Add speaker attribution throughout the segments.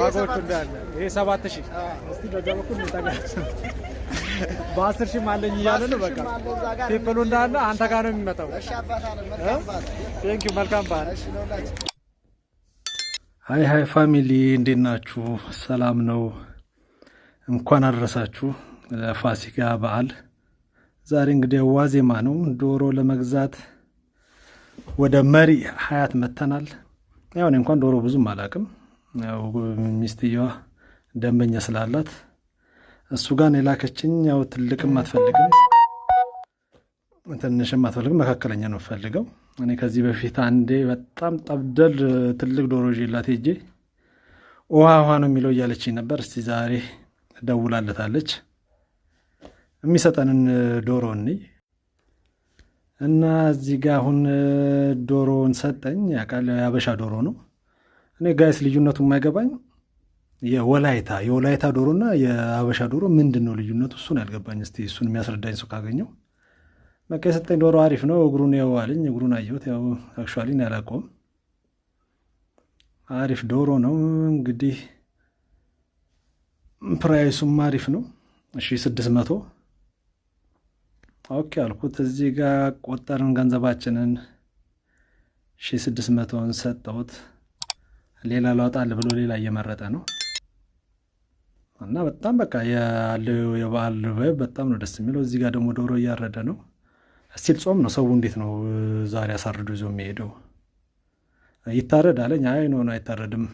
Speaker 1: ዋጋዎቹ እንዳለ ይሄ ሰባት ሺህ እስቲ በዛ በኩል በአስር ሺህ አለኝ እያለ ነው። በቃ ፒፕሉ እንዳለ አንተ ጋር ነው የሚመጣው። ቴንኪው መልካም በዓል። ሀይ ሀይ ፋሚሊ እንዴት ናችሁ? ሰላም ነው። እንኳን አደረሳችሁ ለፋሲካ በዓል። ዛሬ እንግዲህ ዋዜማ ነው። ዶሮ ለመግዛት ወደ መሪ ሀያት መተናል ያው እኔ እንኳን ዶሮ ብዙም አላውቅም ሚስትየዋ ደንበኛ ስላላት እሱ ጋር የላከችኝ ያው ትልቅም አትፈልግም ትንሽም አትፈልግም፣ መካከለኛ ነው ፈልገው። እኔ ከዚህ በፊት አንዴ በጣም ጠብደል ትልቅ ዶሮ ይዤላት ሄጄ ውሃ ውሃ ነው የሚለው እያለችኝ ነበር። እስቲ ዛሬ ደውላለታለች የሚሰጠንን ዶሮ እኔ እና እዚህ ጋር አሁን ዶሮን ሰጠኝ። ያውቃል፣ ያበሻ ዶሮ ነው እኔ ጋይስ ልዩነቱ የማይገባኝ የወላይታ የወላይታ ዶሮና የሀበሻ ዶሮ ምንድን ነው ልዩነቱ? እሱን ያልገባኝ እስኪ እሱን የሚያስረዳኝ ሰው ካገኘው። በቃ የሰጠኝ ዶሮ አሪፍ ነው፣ እግሩን ያው አለኝ። እግሩን አየሁት፣ ያው አክቹዋሊ አሪፍ ዶሮ ነው። እንግዲህ ፕራይሱም አሪፍ ነው። እሺ ስድስት መቶ ኦኬ አልኩት። እዚህ ጋር ቆጠርን ገንዘባችንን ሺ ስድስት መቶን ሰጠሁት። ሌላ ለወጣል ብሎ ሌላ እየመረጠ ነው እና በጣም በቃ ያለው የበዓል ቫይብ በጣም ነው ደስ የሚለው። እዚህ ጋር ደግሞ ዶሮ እያረደ ነው። እስቲል ጾም ነው። ሰው እንዴት ነው ዛሬ አሳርዶ ይዞ የሚሄደው? ይታረድ አለኝ። አይ ኖ አይታረድም፣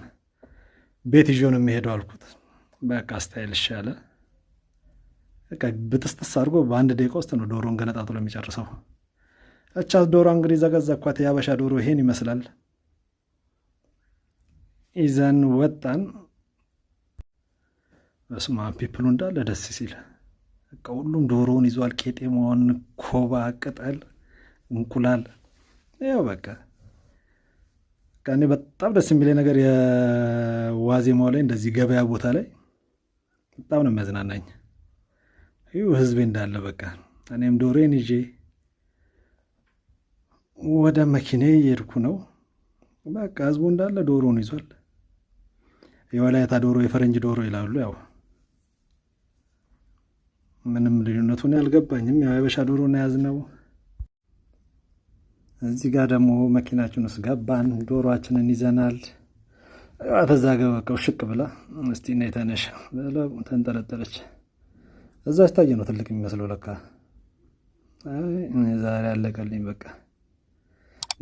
Speaker 1: ቤት ይዞ ነው የሚሄደው አልኩት። በቃ ስታይል ይሻለ ብጥስጥስ አድርጎ በአንድ ደቂቃ ውስጥ ነው ዶሮን ገነጣጥሎ የሚጨርሰው። እቻ ዶሮ እንግዲህ ዘገዘኳት። የአበሻ ዶሮ ይሄን ይመስላል። ይዘን ወጣን። በስማ ፒፕሉ እንዳለ ደስ ሲል በቃ ሁሉም ዶሮውን ይዟል። ቄጤማውን፣ ኮባ፣ ቅጠል፣ እንቁላል ያው በቃ እኔ በጣም ደስ የሚለኝ ነገር የዋዜማው ላይ እንደዚህ ገበያ ቦታ ላይ በጣም ነው የሚያዝናናኝ። ይሁ ህዝቤ እንዳለ በቃ እኔም ዶሬን ይዤ ወደ መኪኔ እየሄድኩ ነው። በቃ ህዝቡ እንዳለ ዶሮውን ይዟል። የወላይታ ዶሮ የፈረንጅ ዶሮ ይላሉ። ያው ምንም ልዩነቱን ያልገባኝም ያው የበሻ ዶሮ ነው ያዝነው። እዚህ ጋር ደግሞ መኪናችን ውስጥ ገባን። ዶሮችንን ይዘናል። ተዛ ገበቀው ሽቅ ብላ እስቲ ና የተነሽ ተንጠለጠለች። እዛ ታየ ነው ትልቅ የሚመስለው ለካ ዛሬ አለቀልኝ። በቃ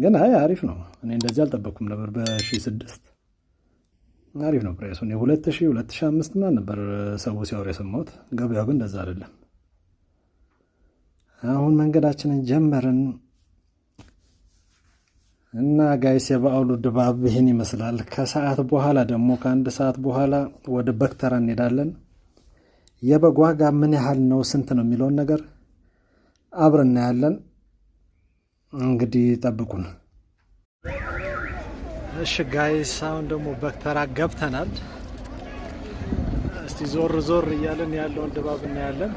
Speaker 1: ግን አይ አሪፍ ነው። እኔ እንደዚህ አልጠበቅኩም ነበር በሺህ ስድስት አሪፍ ነው ፕራይሱ። ሁለት ሺህ ሁለት ሺህ አምስት ምናምን ነበር ሰው ሲያወር የሰማሁት። ገበያው ግን እንደዛ አይደለም። አሁን መንገዳችንን ጀመርን እና ጋይስ የበዓሉ ድባብ ይህን ይመስላል። ከሰዓት በኋላ ደግሞ ከአንድ ሰዓት በኋላ ወደ በክተራ እንሄዳለን። የበግ ዋጋ ምን ያህል ነው ስንት ነው የሚለውን ነገር አብረን እናያለን። እንግዲህ ጠብቁን። እሺ ጋይስ አሁን ደግሞ በክተራ ገብተናል። እስቲ ዞር ዞር እያለን ያለውን ድባብ እናያለን።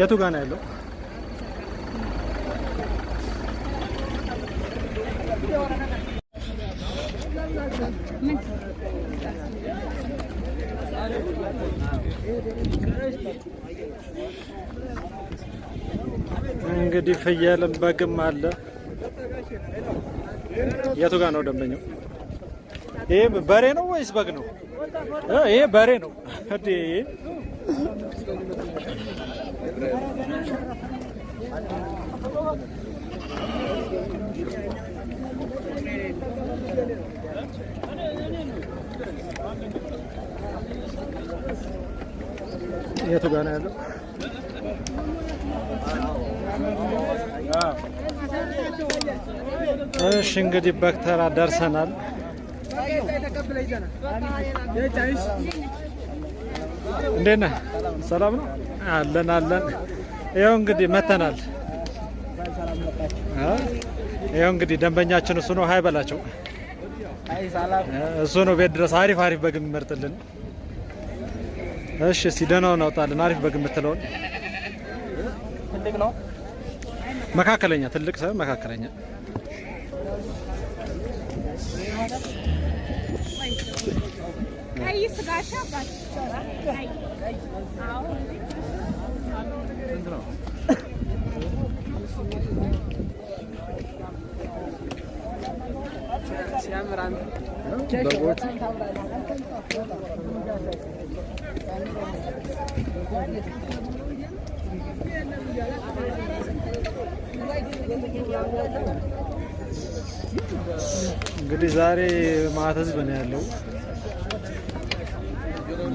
Speaker 1: የቱ ጋ ነው ያለው? እንግዲህ ፍየልም በግም አለ። የቱ ጋር ነው ደንበኛው? ይሄ በሬ ነው ወይስ በግ ነው? ይሄ በሬ ነው። የቱ ጋር ነው ያለው? እሺ እንግዲህ በክተራ ደርሰናል። እንዴት ነህ? ሰላም ነው አለን አለን። ይኸው እንግዲህ መተናል። ይኸው እንግዲህ ደንበኛችን እሱ ነው። ሀይ በላቸው። እሱ ነው ቤት ድረስ አሪፍ አሪፍ በግ የሚመርጥልን እሺ፣ እስቲ ደህናውን አውጣልን። አሪፍ በግ የምትለውን ትልቅ ነው መካከለኛ፣ ትልቅ ሰብ መካከለኛ። እንግዲህ ዛሬ ማታ ህዝብ ነው ያለው።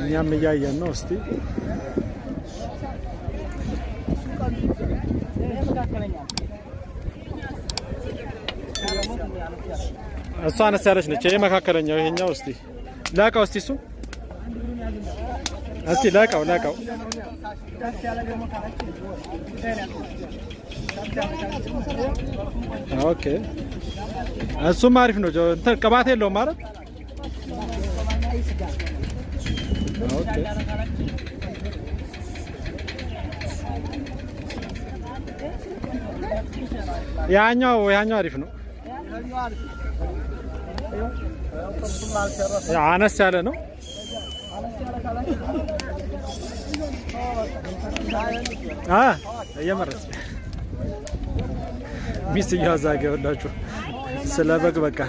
Speaker 1: እኛም እያየን ነው። እስቲ መካከለኛ እሷ አነስ ያለች ነች። ይሄ መካከለኛው ይሄኛው። እስቲ ለቃው እስቲ እሱ እስቲ ለቃው ለቃው ኦኬ። እሱም አሪፍ ነው። እንትን ቅባት የለውም ማለት ኦኬ። ያኛው ያኛው አሪፍ ነው። አነስ ያለ ነው። እየመረስ ሚስት እያዛገበላችሁ ስለ በግ በቃ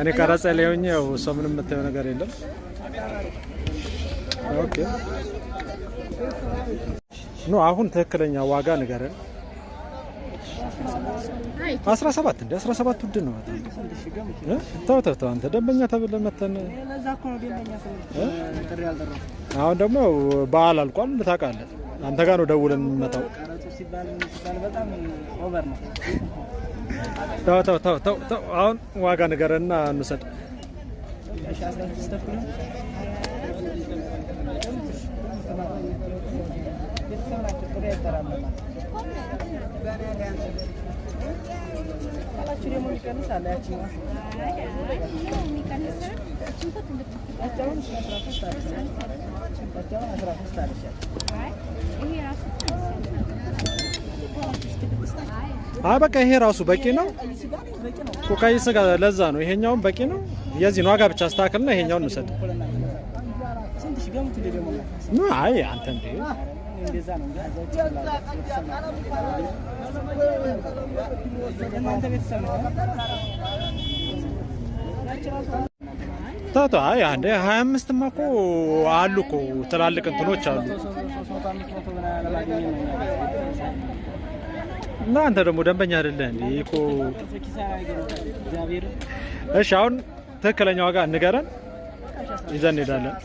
Speaker 1: እኔ ቀረጻ ላይ ሆኜ ያው እሷ ምንም የምታየው ነገር የለም። ኦኬ ኖ አሁን ትክክለኛ ዋጋ ንገረን። አስራ ሰባት እንደ አስራ ሰባት ውድ ነው። ተው ተው ተው አንተ ደንበኛ ተብለህ መተን አሁን ደግሞ በዓል አልቋል ታውቃለህ። አንተ ጋር ነው ደውለን የምንመጣው። ተው ተው ተው ተው አሁን ዋጋ ንገረና እንውሰድ። ካላችሁ ደግሞ የሚቀንስ አለ። አይ በቃ ይሄ ራሱ በቂ ነው። ቀይ ስጋ ለዛ ነው። ይሄኛውን በቂ ነው። የዚህ ነው ዋጋ ብቻ አስተካክልና ይሄኛውን እንውሰድ። አይ አንተ እንዴ ታቶ አይ አንዴ 25 ማኮ አሉ እኮ ትላልቅ እንትኖች አሉ። እና አንተ ደግሞ ደንበኛ አይደለህ እንዴ? እኮ እሺ፣ አሁን ትክክለኛ ዋጋ እንገረን፣ ይዘን እንሄዳለን።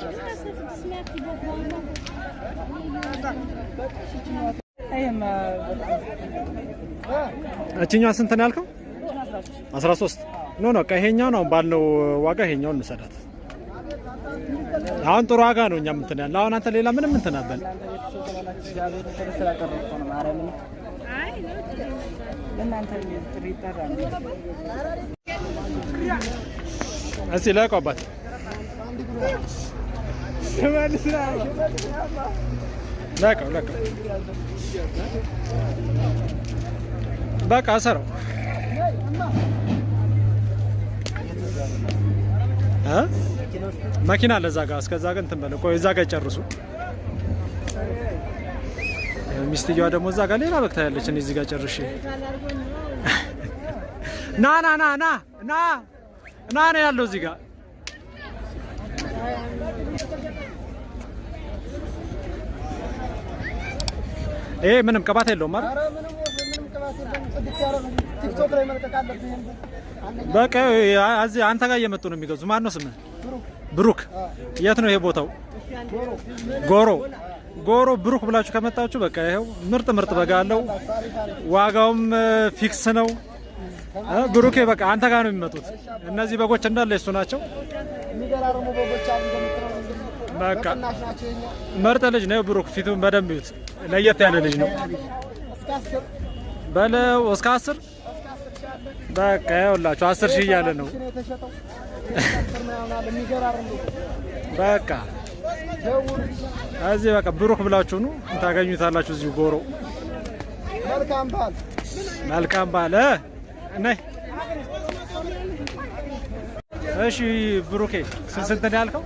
Speaker 1: እችኛዋ ስንት ነው ያልከው? 13 ኖ ኖ ይሄኛው ነው ባለው ዋጋ ይሄኛውን እንሰዳት። አሁን ጥሩ ዋጋ ነው። እኛም እንትን ያለ አሁን አንተ ሌላ ምንም እንትን አበል እስኪ ለቀባት ለቀው ለቀው በቃ ሰራው መኪና አለ እዛ ጋ። እስከዛ ግን እንትን በለው። ቆይ እዛ ጋር ይጨርሱ። ሚስትየዋ ደግሞ እዛ ጋር ሌላ በግ ያለች እኔ እዚህ ጋ ጨርሼ ና ና ና ና ና ና ነው ያለው እዚህ ጋር ይሄ ምንም ቅባት የለውም ማለት በቃ አንተ ጋር እየመጡ ነው የሚገዙ። ማን ነው ስምህ? ብሩክ። የት ነው ይሄ ቦታው? ጎሮ ጎሮ ብሩክ ብላችሁ ከመጣችሁ በቃ ይኸው ምርጥ ምርጥ በጋ አለው። ዋጋውም ፊክስ ነው። ብሩኬ በቃ አንተ ጋር ነው የሚመጡት። እነዚህ በጎች እንዳለ የሱ ናቸው። ምርጥ ልጅ ነው ብሩክ። ፊቱን በደንብ ይዩት። ለየት ያለ ልጅ ነው። በለው እስከ አስር በቃ ይኸውላችሁ አስር ሺህ እያለ ነው። በቃ እዚህ በቃ ብሩክ ብላችሁ ነው ታገኙታላችሁ። እዚሁ ጎሮ መልካም ባለ ነይ። እሺ ብሩኬ ስንት ነው ያልከው?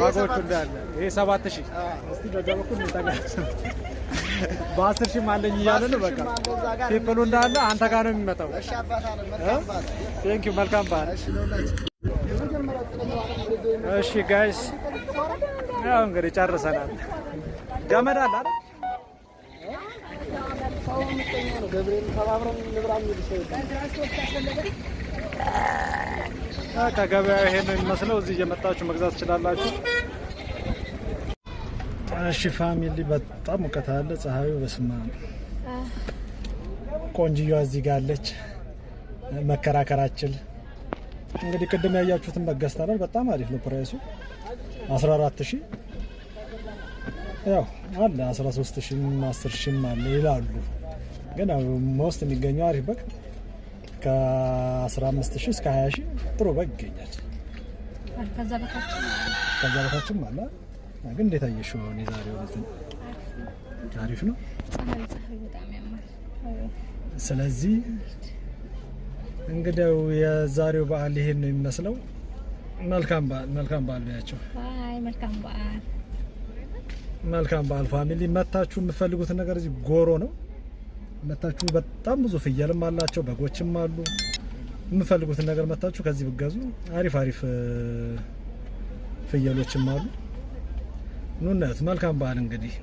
Speaker 1: ዋጋዎቹ እንዳለ ይሄ ሰባት ሺህ እስቲ በዛ በኩል በአስር ሺህ አለኝ እያለ ነው። በቃ ፒፕሉ እንዳለ አንተ ጋር ነው የሚመጣው። ቴንኪው መልካም በዓል። እሺ ጋይስ ያው እንግዲህ ጨርሰናል። ገመድ አለ አይደል? ከገበያ ይሄ ነው የሚመስለው። እዚህ እየመጣችሁ መግዛት ትችላላችሁ። እሺ ፋሚሊ፣ በጣም ሙቀት አለ። ፀሐዩ በስማ ቆንጅዬዋ እዚህ ጋር አለች። መከራከራችን እንግዲህ ቅድም ያያችሁትን መገዝተናል። በጣም አሪፍ ነው ፕራይሱ 14 ሺህ ያው አለ 13 ሺህም 10 ሺህም አለ ይላሉ። ግን ሞስት የሚገኘው አሪፍ በግ ከ15 ሺህ እስከ 20 ሺህ ጥሩ በግ ይገኛል። ከዛ በታችም አለ ግን እንዴት አየሽው? ሆነ የዛሬው እንትን አሪፍ ነው። ስለዚህ እንግዲው የዛሬው በዓል ይሄን ነው የሚመስለው። መልካም በዓል መልካም በዓል ብያቸው። አይ መልካም በዓል መልካም በዓል ፋሚሊ መታችሁ የምትፈልጉትን ነገር እዚህ ጎሮ ነው መታችሁ በጣም ብዙ ፍየልም አላቸው፣ በጎችም አሉ። የምፈልጉትን ነገር መታችሁ ከዚህ ብገዙ አሪፍ አሪፍ ፍየሎችም አሉ። ኑነት መልካም በዓል እንግዲህ